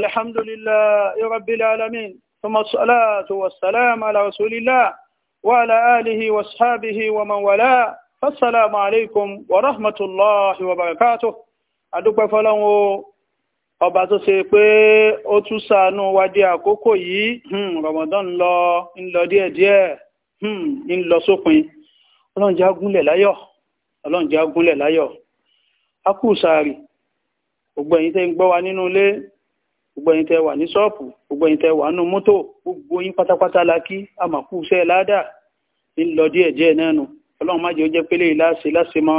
الحمد لله رب العالمين ثم الصلاة والسلام على رسول الله وعلى آله واصحابه ومن والاه السلام عليكم ورحمة الله وبركاته adúpẹ́ fọ́lọ́run o ọba tó ṣe pé ó tún ṣàánú wa dé àkókò yìí hmm, Ramadan ń lọ ń lọ díẹ̀díẹ̀ hmm, ń lọ sópin Ọlọ́run jẹ́ agúnlẹ̀ láyọ̀ Ọlọ́run jẹ́ agúnlẹ̀ láyọ̀ a gbogbo ẹ̀yin tẹ́ ń gbọ́ wa nínú ilé gbogbo ẹ̀yin tẹ́ wà ní ṣọ́ọ̀pù gbogbo ẹ̀yin tẹ́ wà nínú mọ́tò gbogbo yín pátápátá la kí àmàkù iṣẹ́ ládà ń lọ díẹ̀ díẹ̀ náà nu ọlọ́run má jẹ́ ó jẹ́ pélé láṣẹ láṣẹ mọ́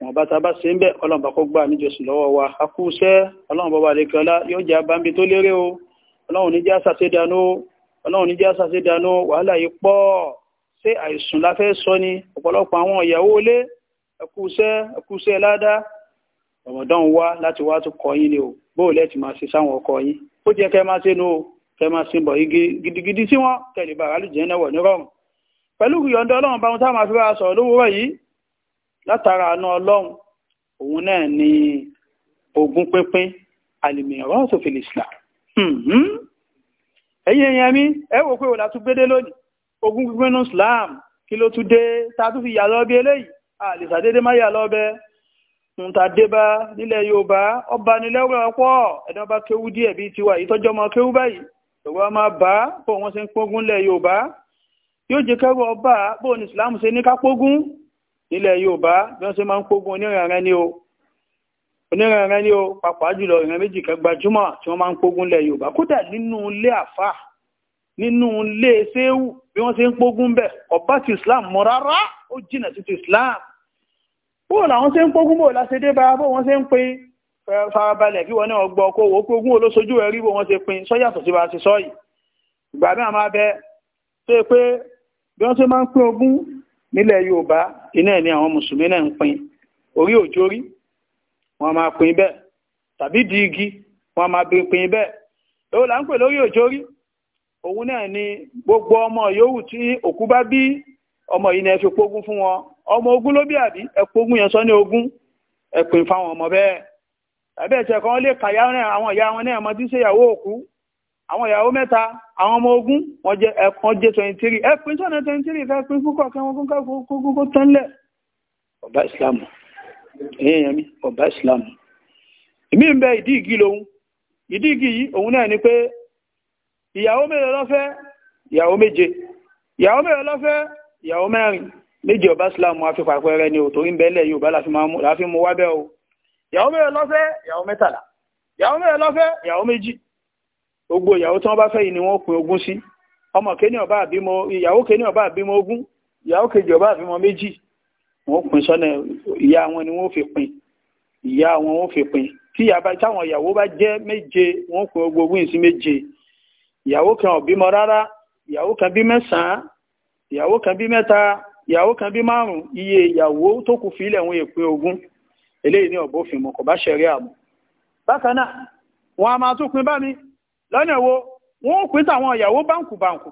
wọn bá ta bá ṣe ń bẹ́ ọlọ́run bá kó gbà níjọsìn lọ́wọ́ wa àkú iṣẹ́ ọlọ́run bọ́ba àlekọ́lá yóò jẹ́ abambi tó lérè o ọlọ́run níjà sàṣẹ dànù ọlọ́run níjà sàṣẹ dànù wàhálà yìí pọ̀ ṣé àìsùn la fẹ́ sọ ni ọ̀pọ̀lọpọ̀ àwọn ìyàwó ilé ẹkú iṣẹ́ ẹkú iṣẹ́ ládàá rọmọdán wá láti wá tó kọ́ yín ni o bóò lẹ́ẹ̀tì máa ṣe sáwọn ọkọ yín ó jẹ́ kẹ́ máa ṣe nu o kẹ́ máa ṣe bọ̀ gidigidi sí wọn kẹ́lẹ̀ bá àlùjẹ́ náà wọ̀ ní rọrùn pẹ̀lú ìyọ̀ǹda ọlọ́run báwọn táwọn afi bá sọ̀rọ̀ lówùúrọ̀ yìí látara àánú ọlọ́run òun náà ni ogún pínpín àlìmìíràn ọ̀sọ̀ fìlìsìlà ẹ̀yin èèyàn mi ẹ wò pé òun àtúgbédé lónìí ogún pínpín Islam kí ló tún dé tá a tún fi yà lọ bí eléyìí àlìsàdédé má yà lọ bẹ́ẹ̀ ntàdébá nílẹ̀ yorùbá ọba nílẹ́wọ̀ ọ̀pọ̀ ẹ̀dá bá kéwú díẹ̀ bíi tiwa ìtọ́jọ́ ọmọ kéwú báyìí yorùbá máa bá bó wọn ṣe ń pógun nílẹ̀ yorùbá yóò jẹ́ kẹ́rù ọba bó ní islam ṣe ní ká pógun nílẹ̀ yorùbá bí wọ́n ṣe máa ń pógun oníranran ni o oníranran ni o pàápàá jùlọ ìran méjì kan gbajúmọ̀ tí wọ́n máa ń pógun nílẹ̀ yorùbá kódà nínú ilé àfà nínú ilé ṣéwù bí wọ́n ṣe ń pógun bẹ̀ ọba ti islam mọ́ rárá ó jìnà sí ti islam bóò làwọn ṣe ń pógún bóò se dé bá bóò wọ́n ṣe ń pín farabalẹ̀ kí wọ́n náà gbọ́ kó wò ó pógún olóṣojú ẹ̀ rí bó wọ́n ṣe pín sọ́yàtọ̀ sí bá ṣe sọ́yì ìgbà náà máa bẹ tó pé bí wọ́n ṣe máa ń pín ogún nílẹ̀ Yorùbá iná ẹ̀ ni àwọn mùsùlùmí náà ń pín orí òjórí wọ́n máa pín bẹ́ẹ̀ tàbí di igi wọ́n máa pín bẹ́ẹ̀ èwo là ń pè lórí òjórí òun náà ni gbogbo ọmọ yòówù tí òkú bá bí ọmọ yìí ni fi pógún fún wọn ọmọ ogun ló bí àbí ẹ̀pọ̀ ogun yẹn sọ ní ogun ẹ̀pìn fáwọn ọmọ bẹ́ẹ̀ ẹ̀bẹ́ ẹ̀sẹ̀ kan lè kàyà àwọn ìyá wọn náà mọ tí ń ṣèyàwó òkú àwọn ìyàwó mẹ́ta àwọn ọmọ ogun wọn jẹ ẹ̀kan jẹ twenty three ẹ̀pìn sọ̀nà twenty three ká pín fún kọ̀ọ̀kan wọn kó kó tẹ́lẹ̀ ọba ìsìlámù èèyàn mi ọba ìsìlámù èmi ń bẹ ìdí ìgì lòun ìdí ìgì yìí òun náà ni pé ìyàwó mélòó ló ìyàwó méje ìyàwó mélòó ló ìyàwó mẹ́rin méjì ọba sílámù afipàpẹrẹ ni òtòrí bẹ́lẹ̀ yorùbá láfi mú wábẹ́ o ìyàwó mẹ́rin lọ́fẹ́ ìyàwó mẹ́tàlá ìyàwó mẹ́rin lọ́fẹ́ ìyàwó méjì gbogbo ìyàwó tí wọ́n bá fẹ́ yìí ni wọ́n pin ogún sí ọmọ kéènì ọba àbímọ ìyàwó kéènì ọba àbímọ ogún ìyàwó kejì ọba àbímọ méjì wọ́n pin sọ́nà ìyá wọn ni wọ́n fi pin ìyá wọn wọ́n fi pin tí táwọn ìyàwó bá jẹ́ méje wọ́n pin ogún ogún sí méje ìyàwó kan ò rárá ìyàwó kan bí mẹ́sàn-án kan bí mẹ́ta ìyàwó kan bí márùn iye ìyàwó tó kù fílẹ̀ wọn èpin ogún eléyìí ní ọ̀bọ̀fin mọ̀ kò bá ṣẹ̀rí àmọ́ bákan náà wọn a máa tún pin bá mi lọ́nà wo wọn ò pín tàwọn ìyàwó báǹkù báǹkù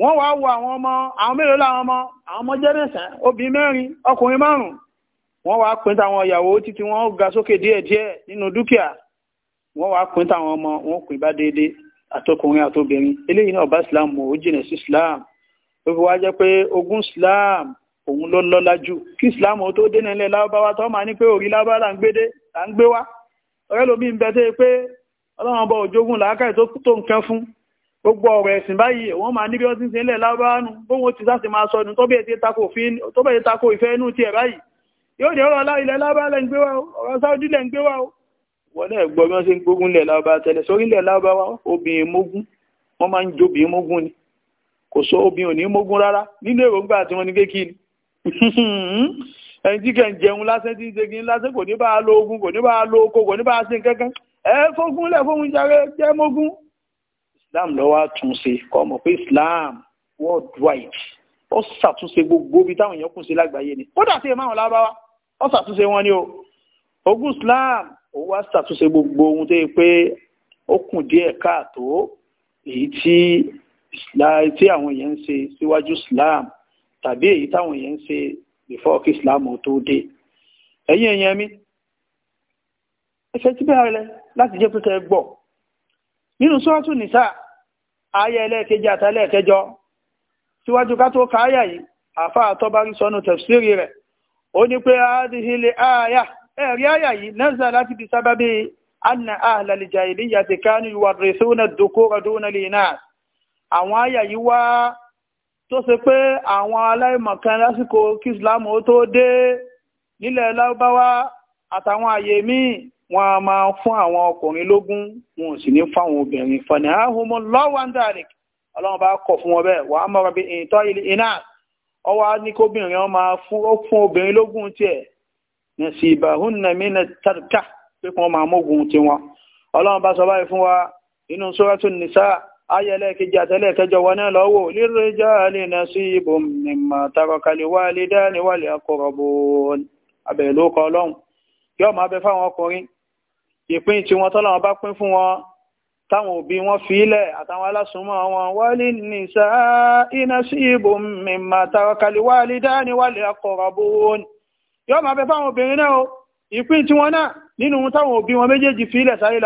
wọn wàá wo àwọn ọmọ àwọn mélòó làwọn ọmọ àwọn ọmọ jẹ́ mẹ́sàn-án obìnrin mẹ́rin ọkùnrin márùn wọn wàá pín tàwọn ìyàwó títí wọn ga sókè díẹ̀díẹ̀ nínú dúkìá wọn wàá pín tàwọn ọmọ wọn pín bá déédéé àtọkùnrin àtobìnrin eléyìí náà bá islam ò jìnà sí islam tó fi wá jẹ́ pé ogún islam òun ló lọ́lá jù kí islam ó tó dénà ilẹ̀ lábáwá tó máa ní pé orí lábáwá là ń gbé dé là ń gbé wá ọ̀rẹ́ lómi ń bẹ tẹ́ pé ọlọ́run ọba òjogún làákàyè tó tó nǹkan fún gbogbo ọ̀rọ̀ ẹ̀sìn báyìí wọ́n máa níbi ọdún sí ilẹ̀ lábáánu bóhun ti sáti máa sọ́nu tó bẹ̀ẹ̀ tako ìfẹ́ inú ti báyìí yóò ní ọ̀rọ̀ ilẹ̀ lábáá lẹ́ ń gbé wá ọ̀rọ̀ sáúdí ni kò sọ obìnrin ò ní mógún rárá nínú èròǹgbà tí wọ́n ní kékì ni ẹni tí kẹ̀ ń jẹun lásán tí ń ṣe kí ń lásán kò ní bá a lo ogun kò ní bá a lo oko kò ní bá a ṣe kankan ẹ fógun lẹ fógun jàre jẹ mógún. Islam lọ wá tún ṣe kọ́ mọ̀ pé Islam worldwide ó ṣàtúnṣe gbogbo ibi táwọn èèyàn kù sí lágbàáyé ni kódà sí ìmáwọn lábáwá ó ṣàtúnṣe wọn ni o ogun Islam ó wá ṣàtúnṣe gbogbo ohun tó yẹ pé ó kù díẹ̀ káàtó èyí tí tí àwọn èèyàn ń ṣe síwájú islam tàbí èyí táwọn èèyàn ń ṣe before kí islam tó dé ẹ̀yin èèyàn mi ẹsẹ̀ tí bẹ́ẹ̀ rẹ láti jẹ́ pé kẹ́ gbọ́ nínú sọ́ọ̀tù nìsà ayé ẹlẹ́ẹ̀kejì àtàlẹ́ẹ̀kẹjọ síwájú ká tó ka áyà yìí àfa àtọ́bárí sọnù tẹ̀síìrì rẹ̀ ó ní pé àádìhílẹ̀ àyà ẹ̀rí àyà yìí nẹ́sà láti fi sábàbí anna ahlal jahiliyyati kanu yuwarrithuna ad àwọn àyà yìí wá tó ṣe pé àwọn aláìmọ̀kan lásìkò kí islam ó tó dé nílẹ̀ lárúbáwá àtàwọn àyè míì wọn a máa fún àwọn ọkùnrin lógún wọn ò sì ní fáwọn obìnrin fọnà ahùnmọ lọwọndàrí Ọlọ́run bá kọ̀ fún wọn bẹ́ẹ̀ wàá mọra bí ìtọ iná ọwọ á ní kóbìnrin wọn máa fún ó fún obìnrin lógún tiẹ̀ nẹsì ìbàhùn nàmínà tàdùkà pé kí wọn máa mógun tiwọn Ọlọ́run bá sọ báyìí fún wa inú suratul nisa ayẹlẹ́ kejì àtẹ́lẹ̀ kẹjọ wọn náà lọ́wọ́ lirrijali nasibun mimma taraka alwalidani wal aqrabun abẹ̀ ló kọ ọlọ́run yóò máa bẹ fáwọn ọkùnrin ìpín tí wọn tọ́lọ́run bá pín fún wọn táwọn òbí wọn fílẹ̀ àtàwọn alásùnmọ́ wọn walinnisa'i nasibun mimma taraka alwalidani wal aqrabun yóò máa bẹ fáwọn obìnrin náà ìpín tí wọn náà nínú táwọn òbí wọn méjèèjì fílẹ̀ sáyé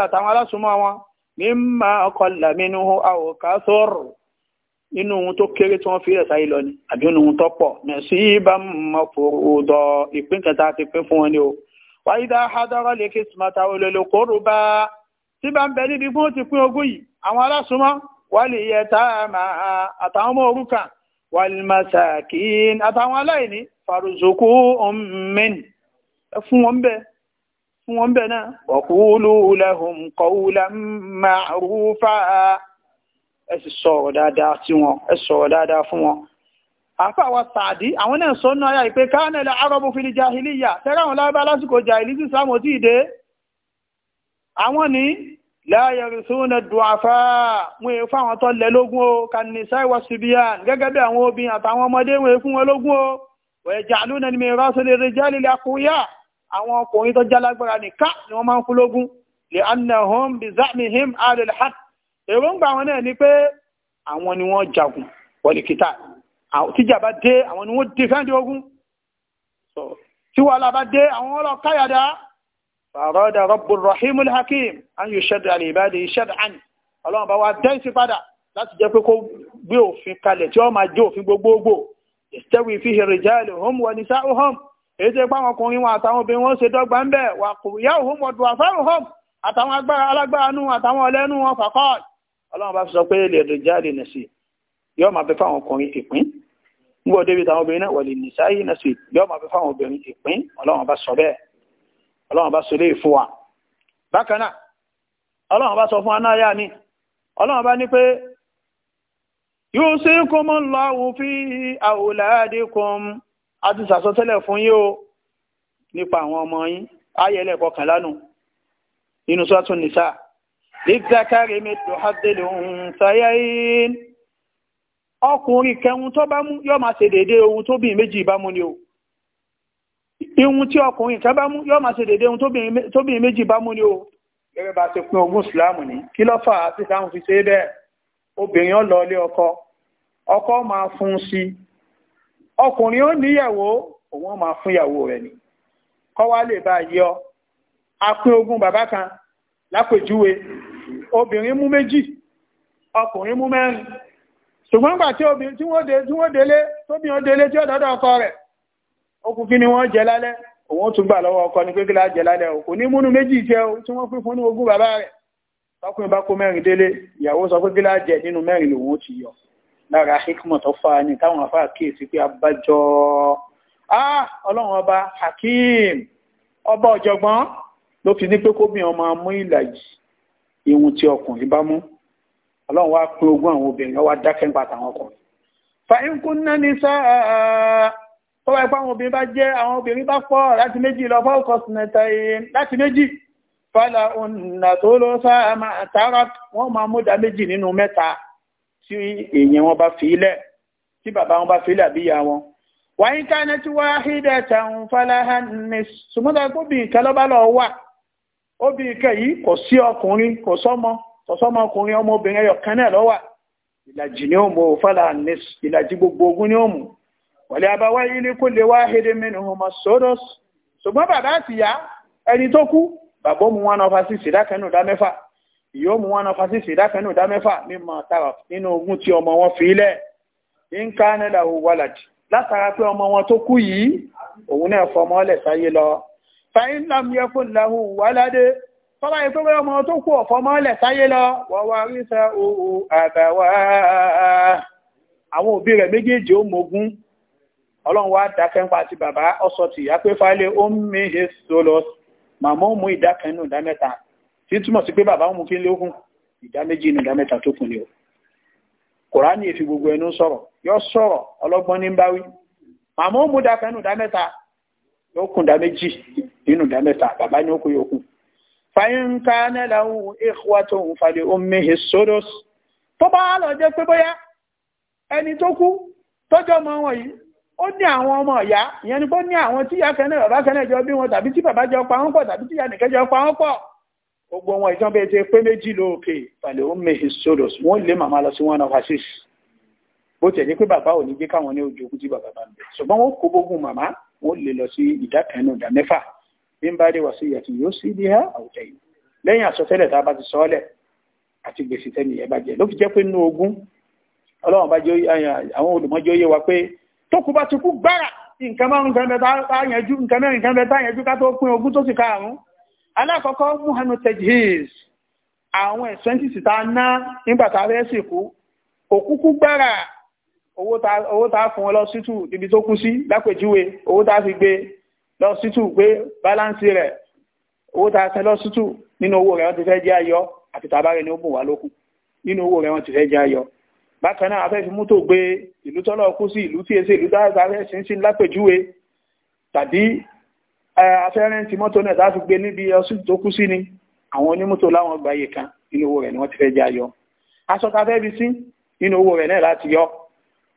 mímá ọkọlà mínú àwòká sọ̀rọ̀ nínú ohun tó kéré tí wọ́n fi rẹ̀ sáyé lọ ni àbí nínú ohun tó pọ̀ mẹ̀sí bá mọ̀ fòròdọ̀ ìpín kẹta ti pín fún wọn ni o wáyé dá hádọ́rọ́ lè kí sùmọ́ta olólo kóró bá tí bá ń bẹ níbi fún ti pín ogún yìí àwọn aláṣùmọ́ wà yẹ tá àtàwọn ọmọ òrukà wà lè àtàwọn aláìní fàrùzùkú ọmọ mẹ́ni ẹ fún wọn bẹ́ẹ̀ fún wọn bẹ̀ náà ọ̀kúlù lahum qawlan ma'rufa ẹ sì sọ̀rọ̀ dáadáa sí wọn ẹ sọ̀rọ̀ dáadáa fún wọn àfà wa sàdí àwọn náà sọ náà yà ìpé káánẹ̀lẹ̀ arọ́bù fi ní jahiliya tẹ́rẹ́ àwọn lábẹ́ lásìkò jahili sí sáàmù tí ìdé àwọn ní láyẹ̀rì súnà dùnàfà wọn èé fáwọn tó lẹ lógún o kanisa wa sibian gẹ́gẹ́ bí àwọn obìnrin àtàwọn ọmọdé wọn fún wọn lógún o wọ́n ẹ̀jà lónà ní mìíràn sólè rẹ̀ jálìlẹ̀ àkúyà àwọn ọkùnrin tó jálágbára nìká ni wọ́n máa ń kú lógún lè annahum bí zamihim alilhaq èròǹgbà wọn náà ni pé àwọn ni wọ́n jagun wọ̀lìkítà tíjà bá dé àwọn ni wọ́n dìfẹ́ǹdì ogun tí wàhálà bá dé àwọn ọlọ́ káyàdá فأراد رب الرحيم الحكيم أن يشد على عباده شرعا ọlọ́run bá wa dẹ́sí padà láti jẹ́ pé kó gbé òfin kalẹ̀ tí ó máa jẹ́ òfin gbogbogbò يستوي فيه رجالهم ونساؤهم èyí tó pé àwọn ọkùnrin wọn àtàwọn obìnrin wọn ṣe dọ́gba ń bẹ̀ wà kò yá òun mọ̀dù àfẹ́rù hàn àtàwọn agbára alágbára nù àtàwọn ọlẹ́nu wọn fàkọ́ ọlọ́run bá sọ pé lè lè jáde nà sí yóò máa fẹ́ fáwọn ọkùnrin ìpín níbo débi táwọn obìnrin náà wọlé nìsáyé nà sí yóò máa fẹ́ fáwọn obìnrin ìpín ọlọ́run bá sọ bẹ́ẹ̀ ọlọ́run bá sọ léè fún wa bákan náà ọlọ́run a ti sàsọtẹ́lẹ̀ fún yín o nípa àwọn ọmọ yín ayẹlẹ̀ kọkànlá nù nínú sọ́tún nìsá lẹ́gbẹ̀kẹ́rẹ́ mẹ́tò hádẹ́lẹ̀ ohun sáyẹ́ ọkùnrin kẹun tó bá mú yọ́ máa ṣe dédé ohun tó bìnrin méjì bá mú ni o ihun tí ọkùnrin kẹ bá mú yọ́ máa ṣe dédé ohun tó bìnrin méjì bá mú ni o gẹ́gẹ́ bá ti pín ogún ìsìláàmù ní kí ló fà á sí sáwọn fi ṣe bẹ́ẹ̀ obìnrin ó lọ ilé ọkọ ọkọ máa fún sí ọkùnrin ó níyàwó òun máa fún ìyàwó rẹ̀ ni kọ́ wá lè bá yọ apín ogún bàbá kan lápèjúwe obìnrin mú méjì ọkùnrin mú mẹ́rin ṣùgbọ́n gbà tí obìnrin tí wọ́n délé tóbi ó délé tí ó dọ́dọ̀ ọkọ rẹ̀ okùn kí ni wọ́n jẹ lálẹ́ òun tún gbà lọ́wọ́ ọkọ ní kékeré jẹ lálẹ́ òkú ní múnú méjì jẹ o tí wọ́n pín fún ní ogún bàbá rẹ̀ tọkùnrin bá kó mẹ́rin délé ìyàwó sọ pé kí lájẹ nínú mẹ́rin lòun ti yọ lára hikmọ̀ tó fa ni táwọn afá kíyèsí pé abájọ ọlọ́run ọba hakim ọba ọ̀jọ̀gbọ́n ló fi ní pé kóbìnrin máa mú ìlàjì ìhun tí ọkùnrin bá mú ọlọ́run wá pín ogún àwọn obìnrin wá dákẹ́ nípa tàwọn ọkùnrin fàínkún náà ní sáà tó wáyé pé àwọn obìnrin bá jẹ́ àwọn obìnrin bá pọ̀ láti méjì lọ fọ́ọ̀kọ̀ sinẹ̀tà láti méjì fàlà òǹnà tó lọ sáà máa tààrà wọ́n máa mú dá méjì nínú mẹ́ta tí èèyàn wọn bá fi ilẹ̀ tí bàbá wọn bá fi ilẹ̀ àbí ìyá wọn. wàyí káná tí wàá hídẹ̀ tàun falaha ní sùmọ́tà obìnrin kan lọ́ba lọ wà obìnrin kan yìí kò sí ọkùnrin kò sọ́mọ kò sọ́mọ ọkùnrin ọmọbìnrin ẹyọ kan náà ló wà ìlàjì ni ó mú falaha ní ìlàjì gbogbo ogún ni ó mú wọlé abawá yìí ní kó lè wá hídẹ̀ mẹ́rin ọmọ sọ́dọ̀ ṣùgbọ́n bàbá àtìyá ẹni tó kú bàbá òun náà fa sí ìsìdá kan dá mẹ́fà yóò mú wọn nafa sísè ìdákanú ìdá mẹ́fà mímọ tara nínú ogún tí ọmọ wọn fi lẹ̀ nǹka nílà òwúwàlàjì látara pé ọmọ wọn tó kú yìí òun náà fọmọ ọlẹ̀ sáyé lọ fàyín lam yẹ fún ìlàhù wàládé tọ́lá yìí tó bẹ́ ọmọ tó kú ọ̀fọmọ ọlẹ̀ sáyé lọ wọ́wọ́ ríṣà òwò àbẹ̀wà àwọn òbí rẹ̀ méjèèjì ó mogún ọlọ́run wá dákẹ́ ń pa ti bàbá ọsọ tìyá pé fálẹ̀ ó ń mí he solos màmá ó mú ìdákẹ́ nù tí túmọ̀ sí pé bàbá wọn mú kí n lókun ìdá méjì inú ìdá mẹ́ta tó kù ni o kòránì èfi gbogbo ẹnu sọ̀rọ̀ yọ sọ̀rọ̀ ọlọ́gbọ́n ní báwí màmá ó mú da kan nù dá mẹ́ta yóò kùn dá méjì nínú dá mẹ́ta bàbá ní òkú yòókù. fàyínká nẹ́làwù ìhùwà tó ń falẹ̀ omi hesodos tó bá lọ jẹ́ pé bóyá ẹni tó kú tọ́jọ́ ọmọ wọn yìí ó ní àwọn ọmọ ọ̀yá ìyẹn ni bó ní àwọn tíyà kẹ́nẹ́ bàbá kẹ́nẹ́ jọ bí wọn tàbí tí bàbá jọ pa wọn pọ̀ tàbí tíyà nìkẹ́ jọ pa wọn pọ̀ gbogbo wọn ìtàn bẹ́ẹ̀ jẹ́ pé méjì lóòkè pàlẹ́ ó mẹ́hì solos wọ́n lé màmá lọ sí one of six bó tẹ̀ ní pé bàbá ò ní gbé káwọn ní ojú ogun tí bàbá bá ń bẹ̀ ṣùgbọ́n wọ́n kó gbógun màmá wọ́n lè lọ sí ìdá kan náà ìdá mẹ́fà bí ń bá dé wá sí ìyàtì yóò sí bí àwùjọ yìí lẹ́yìn àsọtẹ́lẹ̀ tá a bá ti sọ ọ́lẹ̀ àti gbèsè tẹ́ni ẹ̀ bá jẹ́ ló fi jẹ́ pé nínú ogún ọlọ́run bá jẹ́ àwọn olùmọ́jọ́ yé wa pé tó bá ti kú gbára nǹkan márùn-ún kan bẹ tá nǹkan mẹ́rin kan bẹ tá yanjú ká tó pín ogún tó sì karùn-ún alákọ̀ọ́kọ́ muhammad tajhiz àwọn ẹ̀sẹ́ntìsì ta ná nígbàtà rẹ̀ sì kú òkúkú gbára owó ta fún ọ lọ sítù ibi tó kú sí lápèjúwe owó ta fi gbé lọ sítù pé báláǹsì rẹ̀ owó ta sẹ lọ sítù nínú owó rẹ̀ wọ́n ti fẹ́ jẹ́ ayọ̀ àti tàbárẹ̀ ni ó bùn wá lókù nínú owó rẹ̀ wọ́n ti fẹ́ jẹ́ ayọ̀ bákan náà afẹ́ fi mútò gbé ìlú tọ́lọ̀ kú sí ìlú tí èsè ìlú tá a fẹ́ sí lápèjúwe tàbí afẹ́rẹ́ ti mọ́tò náà láti gbé níbi ọsùn tó kú sí ni àwọn onímọ́tò láwọn gbàyè kan inú owó rẹ̀ ni wọ́n ti fẹ́ já yọ aṣọ ta fẹ́ bi sí inú owó rẹ̀ náà láti yọ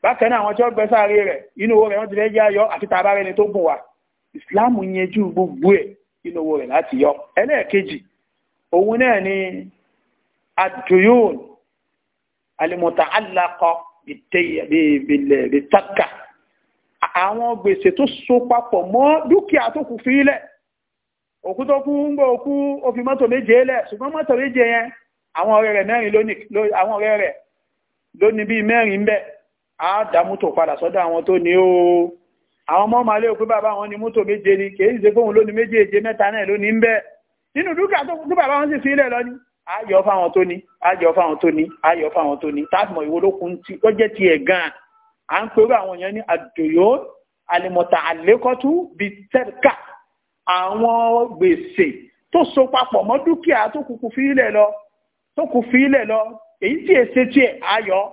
bákan náà àwọn tí wọ́n gbẹ sáré rẹ̀ inú owó rẹ̀ wọ́n ti fẹ́ já yọ àti tá a bá rẹni tó gùn wá ìsìláàmù yẹjú gbogbo ẹ̀ inú owó rẹ̀ láti yọ ẹlẹ́ẹ̀kejì òun náà ni aduyun alimutaalakọ bitakka àwọn gbèsè tó so papọ̀ mọ́ dúkìá tó kù fílẹ̀ òkú tó kú ń gbọ́ òkú o fi mọ́tò méje lẹ̀ ṣùgbọ́n mọ́tò méje yẹn àwọn ọ̀rẹ́ rẹ̀ mẹ́rin ló ní bí mẹ́rin bẹ́ẹ̀ á dá mọ́tò padà sọ́dọ̀ àwọn tó ní o àwọn ọmọ màálé òkú bàbá wọn ní mọ́tò méje ni kèé ṣe fóun ló ní méjèèje mẹ́ta náà ló ní ń bẹ́ẹ̀ nínú dúkìá tó kú bàbá wọn sì fílẹ̀ lọ ní ayọ̀ fáwọn tó ní ayọ̀ fáwọn tó ní ayọ̀ fáwọn tó ní táàmù ìwolókun tí ó jẹ́ tiẹ̀ gan-an à ń pẹ̀lú àwọn èèyàn ní àjòyó àlèmọ̀tà àlékọ́tú bíi tẹ́ríkà àwọn gbèsè tó so papọ̀ mọ́ dúkìá tó kúkú fi ilẹ̀ lọ tó kú fi ilẹ̀ lọ èyí tí èsè tiẹ̀ ayọ̀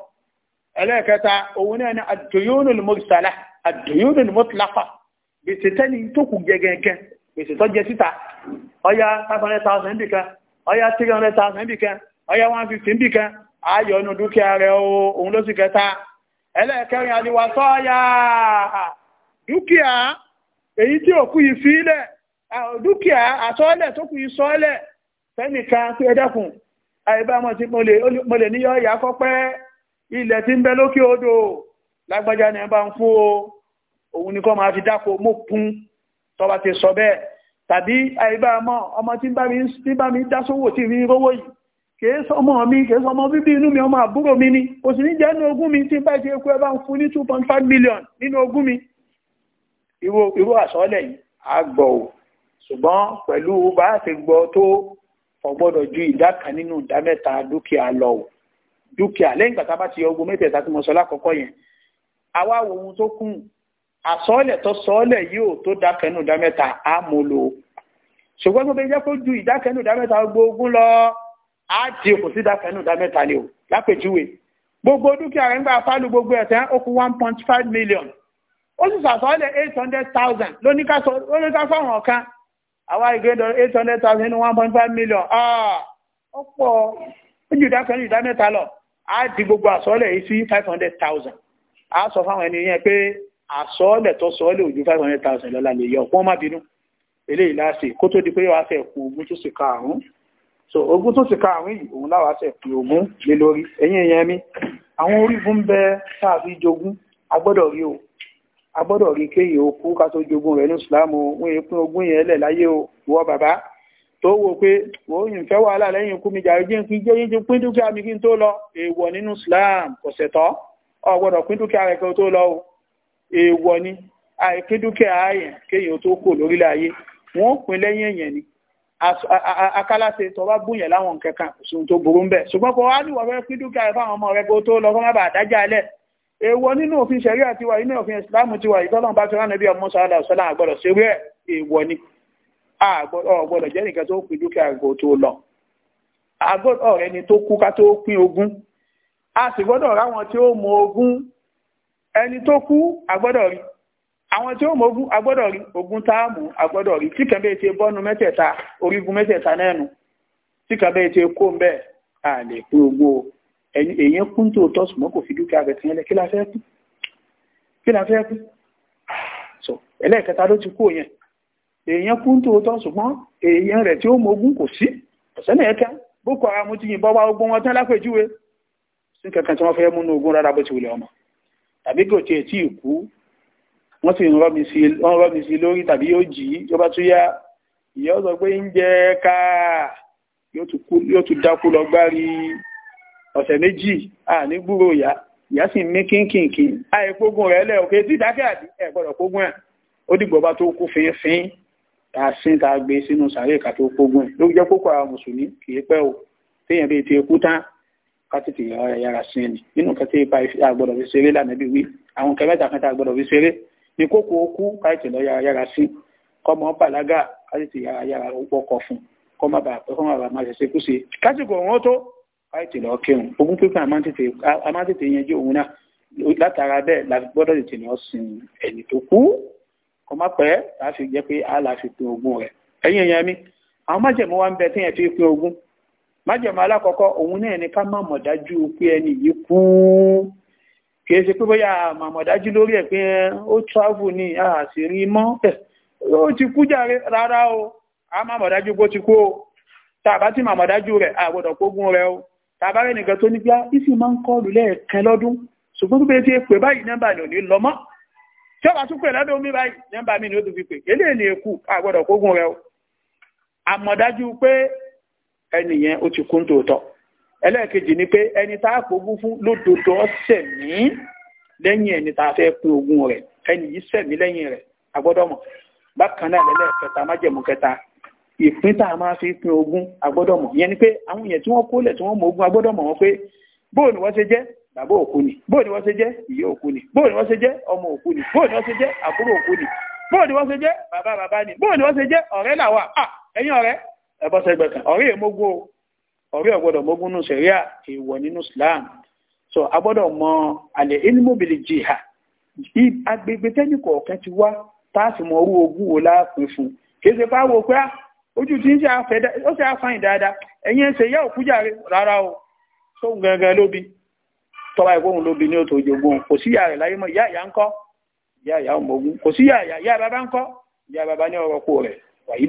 ẹlẹ́ẹ̀kẹta òun náà ní àjòyó nìlmọ́sálà àjòyó nìlmọ́tìláfà gbèsè tẹ́ni tó kù gẹ́gẹ́gẹ́ gbèsè tó jẹ síta ọya 500,000 bìkan ọya 300,000 bìkan ọya 150 bìkan ayọ̀ nù dúkìá rẹ̀ òun ló sì kẹta ẹlẹ́ẹ̀kẹrin àlewà sọ́ọ̀yà dúkìá èyí tí òkú yìí fílẹ̀ dúkìá àsọ́ọ̀lẹ̀ tó kù yìí sọ́ọ̀lẹ̀ fẹ́nìkan tó ẹ̀dẹ́kùn àìbá mo lè níyọ ìyá kọ́pẹ́ ilẹ̀ tí ń bẹ lókè odò lágbájá ni ẹ bá ń fún o òun ni kọ́ máa fi dáko mọ́kún tọ́ba ti sọ bẹ́ẹ̀ tàbí àìbá ọmọ tí bá mi dá sówò tí rí rówó yìí kèésọ ọmọ mi kèésọ ọmọ bíbí inú mi ọmọ àbúrò mi ni kò sì ní jẹ́ inú ogún mi tí bá ti kú ẹ ń fún ní 2.5 million nínú ogún mi irú àsọ́lẹ̀ yìí a gbọ́ ò ṣùgbọ́n pẹ̀lú bá a ti gbọ́ tó ọgbọ́dọ̀ ju ìdá kan nínú ìdá mẹ́ta dúkìá lọ ò dúkìá lẹ́yìn gbàtà bá ti yọ ogun mẹ́tẹ̀ẹ̀ta tí mo sọ lákọ̀ọ́kọ́ yẹn àwa wo ohun tó kù àsọ́ọ̀lẹ̀ tó sọ́ọ̀lẹ̀ yóò tó dákẹ́nù dámẹ́ta á mú lò ṣùgbọ́n tó bẹ jẹ́ kó ju ìdákẹ́nù dámẹ́ta gbogbo lọ a ti kò sí dákanú dá mẹ́ta ni o lápèjúwe gbogbo dúkìá rẹ̀ ń gba fálù gbogbo ẹ̀sẹ̀ ó kú one point five million ó sì sàsọ́ọ́lẹ̀ eight hundred thousand lóníkà fáwọn kan àwa ìgbẹ́dọ̀ eight hundred thousand nínú one point five million ah! ó pọ̀ ó jù dákanú ìdá mẹ́ta lọ á di gbogbo àsọ́ọ́lẹ̀ yìí sí five hundred thousand á sọ fáwọn ẹni yẹn pé àsọ́ọ́lẹ̀ tó sọ́ọ́lẹ̀ ojú five hundred thousand lọ́la lè yọ ọ̀pọ̀ má bínú eléyìí láṣẹ kó tó di pé wàá fẹ́ kún ogún tó sì karùn-ún so ogún tó ti ka àwìn yìí òun láwàá ṣe pé ogún lé lórí ẹ̀yin èèyàn mi àwọn orígun bẹ sáàbí jogún a gbọ́dọ̀ rí o a gbọ́dọ̀ rí kéyìí ó kú ká tó jogún rẹ̀ ní ìsìláàmù wọn èé pín ogún yẹn lẹ̀ láyé o ìwọ bàbá tó wò pé òun ìfẹ́ wàhálà lẹ́yìn ikú mi jàre jẹ́ kí jẹ́ yíjú pín dúkìá mi kí n tó lọ èèwọ̀ nínú islam kò ṣẹ̀tọ́ o pín dúkìá rẹ̀ kí o tó lọ o èèwọ̀ ni àìpín dúkìá yẹn kéyìí ó tó kò lórílẹ̀ ayé wọ́n pín lẹ́yìn èèyàn ni akálàṣe tó bá búyẹ̀ láwọn kẹkàn òṣùn tó burú ń bẹ̀ ṣùgbọ́n kò wá ní wọ́n fẹ́ pín dúkìá ẹ̀ fáwọn ọmọ rẹ̀ kó tó lọ kó má bàa dájà alẹ̀ èèwọ̀ nínú òfin ṣẹ̀ríà tiwa inú òfin ìsìláàmù tiwa ìtọ́lọ́n bá fi rán nàbí ọmọ sàádà ọ̀sọ́lá àgbọ̀dọ̀ ṣerú ẹ̀ èèwọ̀ ni àgbọ̀dọ̀ jẹ́ nìkan tó pín dúkìá kó tó lọ àgbọ̀dọ̀ rẹ̀ ni tó kú ká tó pín ogún a sì gbọ́dọ̀ ráwọn tí ó mọ ogún ẹni tó kú àgbọ́dọ̀ rí àwọn tí ó mógún agbọ́dọ̀ rí ogún táàmù agbọ́dọ̀ rí tí kẹ́bẹ́ ti bọ́nu mẹ́tẹ̀ẹ̀ta orígun mẹ́tẹ̀ẹ̀ta nẹ́nu tí kẹ́bẹ́ ti kó ń bẹ́ à lè pín ogún o èyàn kún tó tọ́ ṣùgbọ́n kò fi dúkìá rẹ̀ tìyẹn kí la fẹ́ pín kí la fẹ́ pín so ẹlẹ́ẹ̀kẹta ló ti kó yẹn èyàn kún tó tọ́ ṣùgbọ́n èyàn rẹ̀ tí ó mógún kò sí ọ̀sẹ́lẹ̀ ẹ̀ka boko haram ti yìnbọn wá ogun wọn tán lápèjúwe sí kankan tí wọ́n fẹ́ múnú ogun rárá bó ti wulẹ̀ ọmọ tàbí kò wọ́n sì ń rọ́ mi sí lórí tàbí yóò jì í tó bá tún yá ìyá sọ pé ń jẹ káà yóò tún dákú lọ gbárí ọ̀sẹ̀ méjì àní gbúrò ìyá ìyá sì ń mí kínkìnkín àìkógun rẹ̀ lẹ̀ òkè tí dákẹ́ àti ẹ̀ gbọ́dọ̀ kógun ẹ̀ ó dìgbò bá tó kú fínfín tá a sin tá a gbé sínú sàárè ká tó kógun ẹ̀ ló jẹ́ kókó àwọn mùsùlùmí kì í pẹ́ o téèyàn bíi ti kú tán ká tètè yára yára sin ni nínú kẹtẹ́ ipa àgbọ̀dọ̀ fi ṣeré lànà bí wí àwọn kẹmẹ́ta kan tá a ní kókó okú káyọ̀tì lọ yára yára sí kọ́mọ bàlágà káyọ̀tì yára yára wọ́kọ̀ fún kọ́mọ bàá pẹ́ kọ́mọ bàá máa ṣẹṣẹ kúṣe kásìkò òun ó tó káyọ̀tì lọ kírun ogún pípẹ́ àmántètè yanjú òun náà látara bẹ́ẹ̀ la gbọ́dọ̀ tètè lọ sin ẹni tó kú kọ́mọ pẹ́ láti jẹ́ pé a là fi pin ogún rẹ̀ ẹ̀yìn ẹ̀yàn mi àwọn májẹ̀mú wa ń bẹ téèyàn fi pin ogún májẹ̀mú alákọ̀ọ́kọ́ òun kìí ṣe pé bóyá màmọ̀dájú lórí ẹ̀ pé ó travel ní àṣírí mọ́ ó ti kú jàre rárá o a màmọ̀dájú bó ti kú o tàbá tí màmọ̀dájú rẹ̀ àgbọ̀dọ̀ kógun rẹ̀ o tàbá rẹ̀ nìkan tó ní pé ìsì ah, máa ń kọlù lẹ́ẹ̀kan lọ́dún ṣùgbọ́n tó bẹ́ẹ̀ ti pè báyìí nọ́mbà ní lọ mọ́ tí ọba tún pè lọ́dún mi báyìí nọ́mbà mi ni ó ti fi pè kélé ní eku àgbọ̀dọ̀ kógun rẹ̀ o àmọ̀dájú pé ẹnìyẹn ó ti kú ń tòótọ́ ẹlẹ́ẹ̀kejì ni pé ẹni tá a pògùn fún lódodo sẹ̀mí lẹ́yìn ẹni tá a fẹ́ pín ogún rẹ̀ ẹni yìí sẹ̀mí lẹ́yìn rẹ̀ a gbọ́dọ̀ mọ̀ bákan náà lẹ́lẹ́kẹta májẹ̀mú kẹta ìpín tá a máa fi pín ogún a gbọ́dọ̀ mọ̀ ìyẹn ni pé àwọn èèyàn tí wọ́n kó lẹ̀ tí wọ́n mọ ogún a mọ̀ wọn pé bóò ni wọ́n ṣe jẹ́ bàbá òkú ni bóò ni wọ́n ṣe jẹ́ ìyá òkú ni bóò ni wọ́n ṣe jẹ́ ọmọ òkú ni bóò ni wọ́n ṣe jẹ́ àbúrò òkú ni bóò ni wọ́n ṣe jẹ́ bàbá bàbá ni bóò ni wọ́n ṣe jẹ́ ọ̀rẹ́ làwà ẹ̀yin ọ̀rẹ́ ẹ̀bọ̀sẹ̀gbẹ̀kan ọ̀rẹ́ èmógún o ọ̀rí ọ̀gbọ́dọ̀ mógúnnú sẹ̀ríà èèwọ̀ nínú Islam so a gbọdọ mọ àlẹ́ ilmobili jìhà agbègbè tẹ́nì kọ̀ọ̀kan ti wá táàsì mọ orú ogún wo láàpin fún kéèsè bá wo pé ah, ojú tí ń ṣe dáadáa ẹ̀yìn ẹsẹ̀ o sóhun gangan lóbi tọ́ba lóbi ní òtò kò sí láyé mọ́ ìyá ìyá ńkọ́ ìyá ọmọ ogun kò sí ìyá bàbá ńkọ́ ìyá bàbá ní ọ̀rọ̀ rẹ̀ wàyí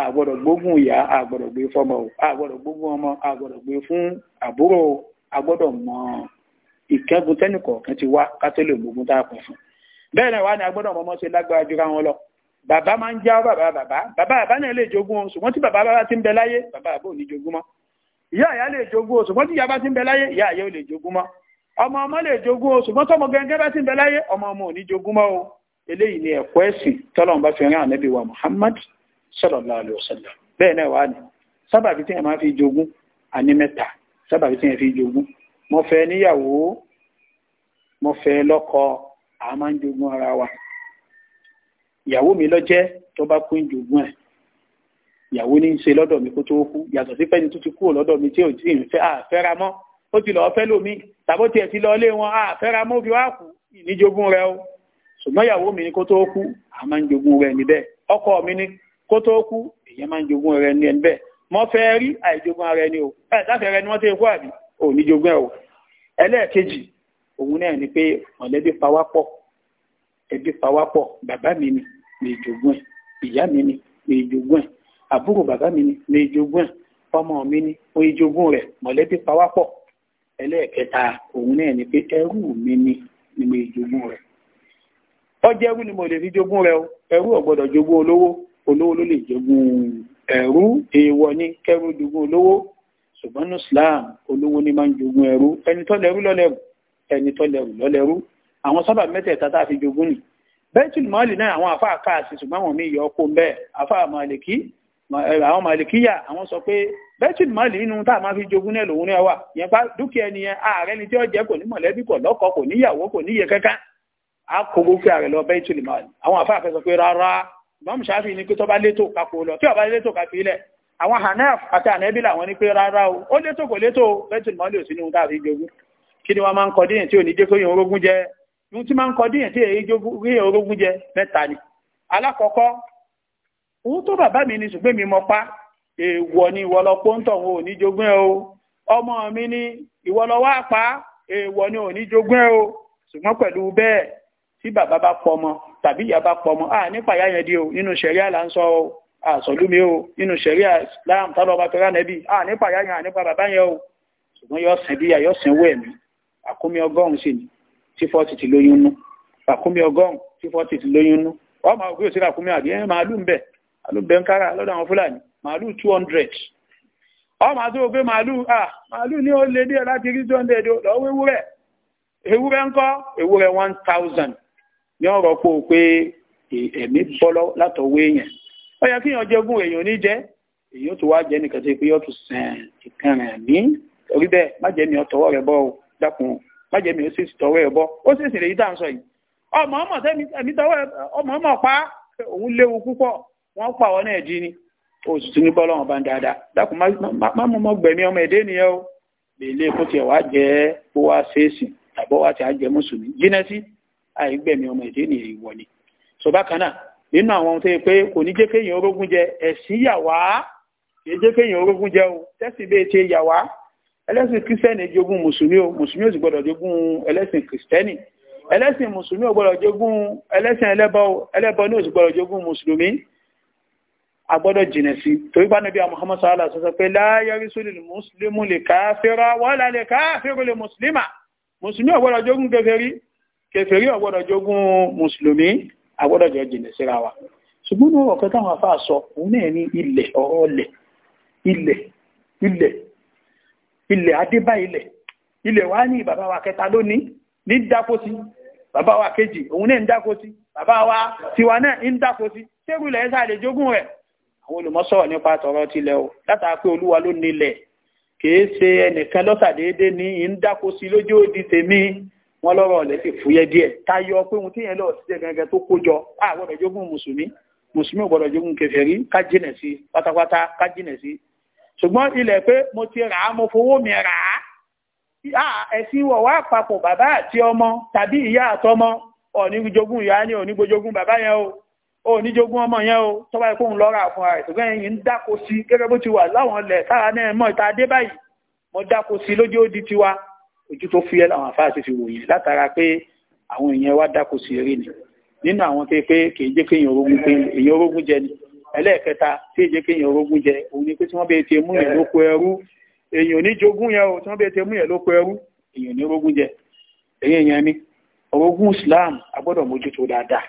àgbọ̀dọ̀ gbógun ìyá àgbọ̀dọ̀ gbé fọmọ o àgbọ̀dọ̀ gbógun ọmọ àgbọ̀dọ̀ gbé fún àbúrò o àgbọ̀dọ̀ mọ ìkẹ́gun tẹ́nìkọ̀ọ̀kan ti wá ká tó lè gbógun tá a pè fún. bẹ́ẹ̀ náà wá ní agbọ́dọ̀ mọ́mọ́ ṣe lágbára jura wọn lọ bàbá máa ń já bàbá bàbá bàbá bàbá náà lè jogun o ṣùgbọ́n tí bàbá bàbá ti ń bẹ láyé bàbá àbò ní jogun mọ́ ìyá ìyá lè ò ní jogun mọ́ o eléyìí Muhammad sallallahu alaihi wasallam bẹ́ẹ̀ náà wà ní sábàbí tí yẹn máa fi jogún àní mẹ́ta sábàbí tí yẹn fi jogún mo fẹ́ níyàwó mo fẹ́ lọ́kọ a máa ń jogún ara wa ìyàwó mi lọ́jẹ́ tó bá kú ń jogún ẹ̀ ìyàwó ní í ṣe lọ́dọ̀ mi kó tó kú yàtọ̀ sí fẹ́ni tó ti kúrò lọ́dọ̀ mi tí ò tí ì fẹ́ àfẹ́ra mọ́ ó ti lọ́ọ́ fẹ́ lómi tàbó tiẹ̀ ti lọ́ọ́ lé wọn àfẹ́ra mọ́ fi wá kú ìníjogún rẹ o ṣùgbọ́n ìyàwó mi ni kó tó kú a máa ń jogún rẹ níbẹ̀ ọkọ mi ni kó tó kú èyàn máa ń jogún rẹ ní ẹni bẹ́ẹ̀ mọ́ fẹ́ rí àìjogún ara ẹni o ẹ̀ láfẹ́ ni wọ́n ti kú àbí ò ní jogún ẹ̀ o ẹlẹ́ẹ̀kejì òun náà ni pé mọ̀lẹ́bí pawápọ̀ ẹbí pawápọ̀ bàbá mi ni mi jogún ẹ̀ ìyá mi ni mi jogún ẹ̀ àbúrò bàbá mi ni mi jogún ẹ̀ ọmọ mi ni mo jogún rẹ̀ mọ̀lẹ́bí pawápọ̀ ẹlẹ́ẹ̀kẹta òun náà ni pé ẹrú mi ni ni mo jogún rẹ̀ ọjẹ́rú ni mo lè fi jogún rẹ̀ o ẹrú ò jogún olówó olówó ló lè jogún ẹrú èèwọ̀ ní kẹrú jogún olówó ṣùgbọ́n ní Islam olówó ní máa ń jogún ẹrú ẹni tó lẹ́rú lọ́lẹ́rú ẹni tó lẹ́rú àwọn sábà mẹ́tẹ̀ẹ̀ta tá a fi jogún ni bẹ́ẹ̀tùn mọ́ọ̀lì náà àwọn àfáà káàsì ṣùgbọ́n àwọn míì yọ ọkọ bẹ́ẹ̀ àfáà màlìkí àwọn màlìkíyà àwọn sọ pé bẹ́ẹ̀tùn mọ́ọ̀lì nínú tá a máa fi jogún náà lòun náà wà yẹn pa dúkìá ẹni yẹn ààrẹ ni tí ó jẹ́ kò ní mọ̀lẹ́bí kò lọ́kọ kò níyàwó kò níyè kankan á kó gbogbo ààrẹ lọ bẹ́ẹ̀tùn mọ́ọ̀lì àwọn àfáà fẹ́ sọ pé rárá ìmọ̀mù ṣáfì ni pé tó bá létò kakò lọ tí ó bá létò kakò ilẹ̀ àwọn hanaf àti ànẹ́bílà wọn ní pé rárá o ó létò kò létò bẹ́tùn mọ́lẹ̀ ò sínú káàrí jogún kí ni wọ́n máa ń kọ díyàn tí ò ní jẹ́ kóyìn orógún jẹ́ ìhun tí máa ń kọ díyàn tí èyí orógún jẹ́ mẹ́ta ni alákọ̀ọ́kọ́ òun tó bàbá mi ni ṣùgbọ́n mi mọ pa èèwọ̀ ni ìwọ lọ pọ́ńtọ̀ òun ò ní jogún ẹ o ọmọ mi ni ìwọ lọ wá pa èèwọ̀ ni ò ní jogún ẹ o ṣùgbọ́n pẹ̀lú tàbí ìyá bá pọ̀ mọ́ à ah, nípa ìyá yẹn di o nínú ṣẹ̀ríà là ń sọ o àsọ̀lúmi ah, o nínú ṣẹ̀ríà Islam tọ́lọ́ ọba fẹ́ràn ẹbí ah, à nípa ìyá yẹn à nípa bàbá yẹn o ṣùgbọ́n yọ sìn bí yà yọ sìn owó ẹ̀mí àkúmi ọgọ́rùn-ún sì ni tí fọ́ọ̀tì ti lóyún nú àkúmi ọgọ́rùn-ún tí fọ́ọ̀tì ti lóyún nú wọ́n máa gbé òsínà àkúmi àbí ẹ̀ màálù ń bẹ̀ màálù bẹ̀ ń kára lọ́dọ̀ àwọn Fúlàní màálù two hundred wọ́n máa tó gbé màálù à màálù ní ó lé díẹ̀ láti rí two hundred lọ́wọ́ ewúrẹ́ ewúrẹ́ ńkọ́ ewúrẹ́ one thousand ní ọ̀rọ̀ pò pé ẹ̀mí bọ́lọ́ látọ̀wé èèyàn ó yẹ kíyàn jẹ́gùn èèyàn ní jẹ́ èèyàn tó wá jẹ́ nìkan tó pé yọ́tù sàn ìkànnì ẹ̀mí torí bẹ́ẹ̀ má jẹ́ mi ọ̀tọ̀wọ́ rẹ̀ bọ́ dákun má jẹ́ mi ó sì tọwọ́ rẹ̀ bọ́ ó sì sì lè ọ náà ní bá ń dáadáa dákun má mọ́ gbẹ̀mí ọmọ ẹ̀dẹ́ nìyẹn àìgbẹ̀mí ọmọ ìdí ènìyàn ìwọ ni so bákan náà nínú àwọn ohun tó yẹ pé kò ní jẹ́ kéèyàn orógún jẹ ẹ̀sìn yàwá kì í jẹ́ kéèyàn orógún jẹ o tẹ́sìn bẹ́ẹ̀ ṣe yàwá ẹlẹ́sìn kírísítẹ́nì jogún mùsùlùmí o mùsùlùmí ò sì gbọ́dọ̀ jogún ẹlẹ́sìn kírísítẹ́nì ẹlẹ́sìn mùsùlùmí ò gbọ́dọ̀ jogún ẹlẹ́sìn ẹlẹ́bọ ní ò sì gbọ́dọ̀ jogún mùsùlùmí a gbọ́dọ̀ sí torí bá nàbí Muhammad sallallahu alaihi wasallam pé láyárí sólè mùsùlùmí lè káfíra wala lè káfíra lè mùsùlùmí mùsùlùmí ò gbọ́dọ̀ jogún kèfèrí kèfèrí ọ̀gbọ́dọ̀ jogún mùsùlùmí àgbọ́dọ̀jọ́ jìnà síra wa ṣùgbọ́n ní ọ̀rọ̀ kẹta àwọn afáà sọ òun náà ní ilẹ̀ ọ̀rọ̀ ilẹ̀ ilẹ̀ ilẹ̀ ilẹ̀ adébá ilẹ̀ ilẹ̀ wa ní bàbá wa kẹta lónìí ní dákó sí bàbá wa kejì òun náà ń dákó sí bàbá wa tiwa náà ń dákó sí ṣégun ilẹ̀ ẹ̀sà lè jogún rẹ̀ àwọn olùmọ́sọ̀rọ̀ nípa tọ̀rọ̀ tilẹ̀ o látara pé olúwa ló nílẹ̀ kìí ṣe ẹnìkan lọ́sàdéédé ní ń dákó sí lójó tèmi wọ́n lọ́rọ̀ ọ̀lẹ́ sì fúyẹ́ díẹ̀ tayọ pé ohun tíyẹn lọ síṣẹ́ gangan tó kó jọ àgbọ̀dọ̀ jogún mùsùlùmí mùsùlùmí gbọ́dọ̀ jogún kèfèrí ká jìnà sí pátápátá ká jìnà sí ṣùgbọ́n ilẹ̀ pé mo ti rà á mo fowó mi rà á ẹ̀sìn wọ̀ wá papọ̀ bàbá àti ọmọ tàbí ìyá àtọmọ ọ̀ní jogún ìyá ni òní jogún bàbá yẹn o òní jogún ọmọ yẹn o tọ́ba ikú ń lọ́ra fún ara ìtòkẹ́ yẹn ń dáko sí gẹ́gẹ́ bó ti wà láwọn ilẹ̀ sára náà mọ̀ ojú tó fúyẹ́ làwọn àfáà sì fi wòye látara pé àwọn èèyàn wá dákò sí eré ni nínú àwọn tó pé kì í jẹ́ kéèyàn orógún pé èèyàn orógún jẹ ni ẹlẹ́ẹ̀kẹta tí èèyàn jẹ́ kéèyàn orógún jẹ òun ni pé tí wọ́n bẹ ti mú yẹn lóko ẹrú èèyàn ní jogún yẹn o tí wọ́n bẹ ti mú yẹn lóko ẹrú èèyàn ní orógún jẹ èèyàn ni orógún Islam a gbọ́dọ̀ mójútó dáadáa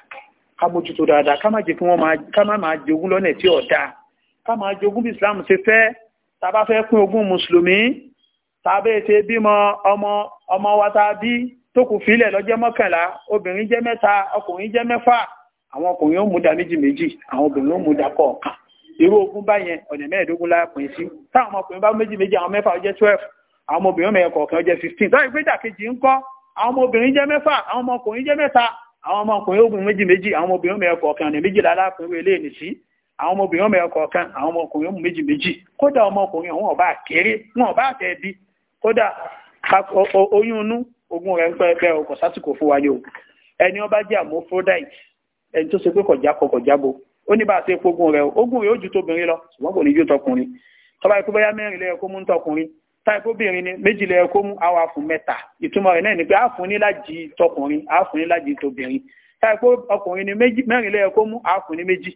ká mójútó dáadáa ká má jẹ́ kí wọ́n ká má máa jogún lọ́nà tí ò ká máa jogún bí Islam ṣe fẹ́ tá a bá fẹ́ pín ogún mùsùlùmí tàbí ṣe bímọ ọmọ ọmọ wa tá a bí tó kù fílẹ̀ lọ́jọ́ mọ́kànlá obìnrin jẹ́ mẹ́ta ọkùnrin jẹ́ mẹ́fà àwọn ọkùnrin ó mú da méjì méjì àwọn obìnrin ó mú da kọ̀ọ̀kan irú ogún báyẹn ọ̀nà mẹ́ẹ̀ẹ́dógún la pín sí táwọn ọmọkùnrin bá méjì méjì àwọn mẹ́fà ó jẹ́ twelve àwọn ọmọbìnrin mẹ́ẹ̀ẹ́ kọ̀ọ̀kan ó jẹ́ fifteen tó ìgbéjà kejì ń kọ́ àwọn ọmọbìnrin jẹ́ mẹ́fà àwọn ọmọkùnrin jẹ́ mẹ́ta àwọn ọmọkùnrin ogun méjì méjì àwọn ọmọbìnrin mẹ́ẹ̀ẹ́ kọ̀ọ̀kan ọ̀nà méjìlá lápẹ̀wé ilé ìnìsí àwọn ọmọbìnrin mẹ́ẹ̀ẹ́ kọ̀ọ̀kan àwọn ọmọkùnrin méjì méjì kódà ọmọkùnrin àwọn ọba àkéré wọn ọba àtẹ̀bí kódà oyún inú ogun rẹ̀ ń pẹ́ bẹ́ẹ̀ ọkọ̀ sásìkò fún wa yóò ẹni ọba jẹ́ àmófódáìtì ẹni tó ṣe pé kọjá kọ kọjá bo ó ní bá a ṣe pogun rẹ̀ ogun rẹ̀ ó ju tóbìnrin lọ ṣùgbọ́n kò ní ju tọkùnrin tọ́ba ikú bóyá mẹ́rin lẹ́yẹ kó mú ń tọkùnrin táìpé obìnrin ni méjì lẹ́yẹ kó mú àwa fún mẹ́ta ìtumọ̀ rẹ̀ náà ni pé àfún ní lájì tọkùnrin àfún ní lájì tóbìnrin táìpé ọkùnrin ni mẹ́rin lẹ́yẹ kó mú àfún ní méjì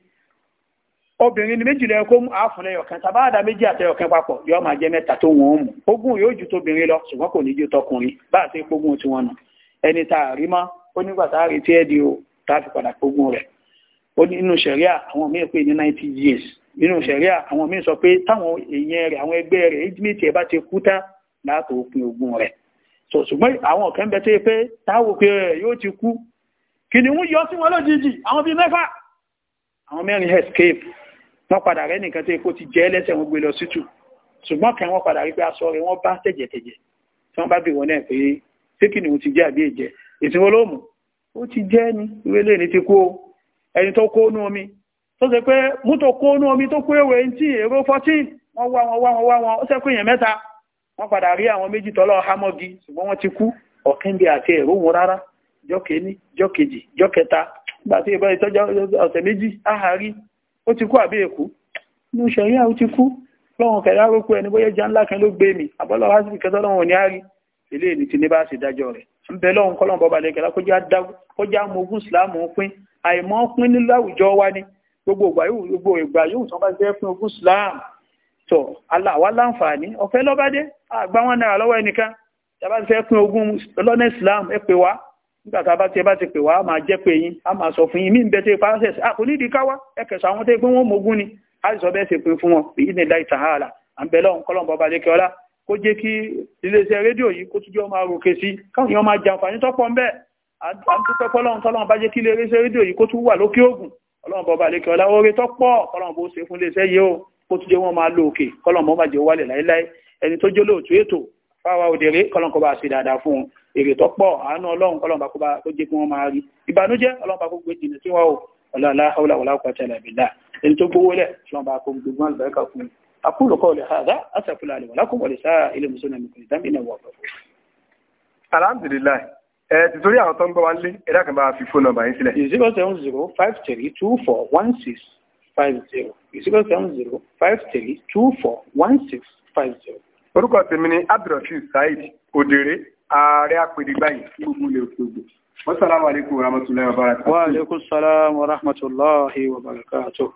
obìnrin ni méjìlá kó mú àáfúnlẹ yọkan tàbá àdá méjì àtẹyọkan papọ̀ yọọ máa jẹ mẹta tó wọn mú ogún yóò ju tóbìnrin lọ kò ní ju tọkùnrin bá a ṣe pógún tiwọn nù ẹni tá a rí mọ ó nígbà tá a rí tí o tá a fi padà ó ní inú sẹríà àwọn míín pè ní ninety years nínú sẹríà àwọn míín sọ pé táwọn èèyàn rẹ̀ àwọn ejimeti ẹ bá ti kú tán òpin rẹ so àwọn kan bẹ wọ́n padà rẹ́ nìkan tó epo ti jẹ́ ẹlẹ́sẹ̀ wọn gbé lọ sítù ṣùgbọ́n kan wọ́n padà rí pé aṣọ rẹ̀ wọ́n bá tẹ̀jẹ̀tẹ̀jẹ̀ tí wọ́n bá bèèrè náà pé ṣé kìnìún ti jẹ́ àbí èjẹ́ èsì ló mú ó ti jẹ́ ni ìwé lè ní ti kú o ẹni tó kó nú omi tó ṣe pé mútò kó nú omi tó kó ewé ń tí èrò fourteen wọ́n wá wọn wá wọn wá wọn ó ṣẹ́kù èèyàn mẹ́ta wọ́n padà rí àwọn méjì tọ́lọ́ hámọ́gi ṣùgbọ́n wọ́n ti kú ọ̀kẹ́ńbí àti ẹ̀rọ wọn rárá jọ́kẹ́ni jọ́kejì jọ́kẹta gbàtí ìbọn ìtọ́jọ́ ọ̀sẹ̀ méjì áhàrí ó ti kú àbí èkú inú ṣẹ̀yìn àwọn ti kú lọ́wọ́n kẹ̀yà rókú ẹni bóyá já ńlá kan ló gbé mi àbọ́lọ́ hásìkì kẹta lọ́wọ́n ní àárí ilé ìní ti ní bá ṣe dájọ́ rẹ̀ ń bẹ lọ́wọ́n kọ́lọ́n bọ́ba lẹ́kẹ̀lá kó já ìsìláàmù pín àìmọ́ pín ní láwùjọ wa ni gbogbo ìgbà yóò gbogbo ìgbà yóò tán bá jẹ́ pín ogun ìsìláàmù tó aláwa láǹfààní ọ̀fẹ́ lọ́bádé àgbà wọn náà lọ́wọ́ ẹnìkan tàbá fẹ́ pín ogun lọ́nà ìsìláàmù ẹ pè wá nígbàtà bá ti ẹ bá ti pè wá a máa jẹ́ pé yín a máa sọ fún yín mí ń bẹ tí ipa ṣẹ̀ṣẹ̀ a kò nídìí káwá ẹ kẹsàn àwọn tó pé wọ́n mogun ni a sì sọ bẹ́ẹ̀ ṣe pin fún wọn èyí ni láì tàhálà à ń bẹ lọ́hùn kọ́lọ́n bọba lékè ọlá kó jẹ́ kí iléeṣẹ́ rédíò yìí kó túnjọ́ máa ròkè sí káwọn èèyàn máa jàǹfààní tọ́pọ̀ ń bẹ́ẹ̀ à ń dúpẹ́ fọlọ́hun bá jẹ́ kí èrè tó pọ̀ àánú ọlọ́run kọ́lọ́run bá kó bá tó jẹ́ kí wọ́n máa rí ìbànújẹ́ ọlọ́run bá kó gbé jìnnà sí wọn o ọlọ́lá ọlá ọlá ọkọ̀ tẹ̀lẹ̀ bìlá ẹni tó gbówó lẹ̀ ọlọ́run bá kó gbogbo àlùbáríkà fún mi أقول قولي هذا أسأل الله ولكم ولسائر المسلمين من كل ذنب إنه غفور الحمد لله ẹ ti torí àwọn tó ń bọ̀ wá nílé ẹ dákun bá fi fóònù nọ́mbà yín sílẹ̀. zero seven zero five three two four one six five zero zero seven zero five three two four one six five zero. orúkọ tèmi ni abdulrasheed saheed òdèrè ààrẹ àpèdígbà yìí ní gbogbo ilẹ̀ òkègbè wassalamu alaikum warahmatullahi wabarakatuh wa alaikum salam warahmatullahi wabarakatuh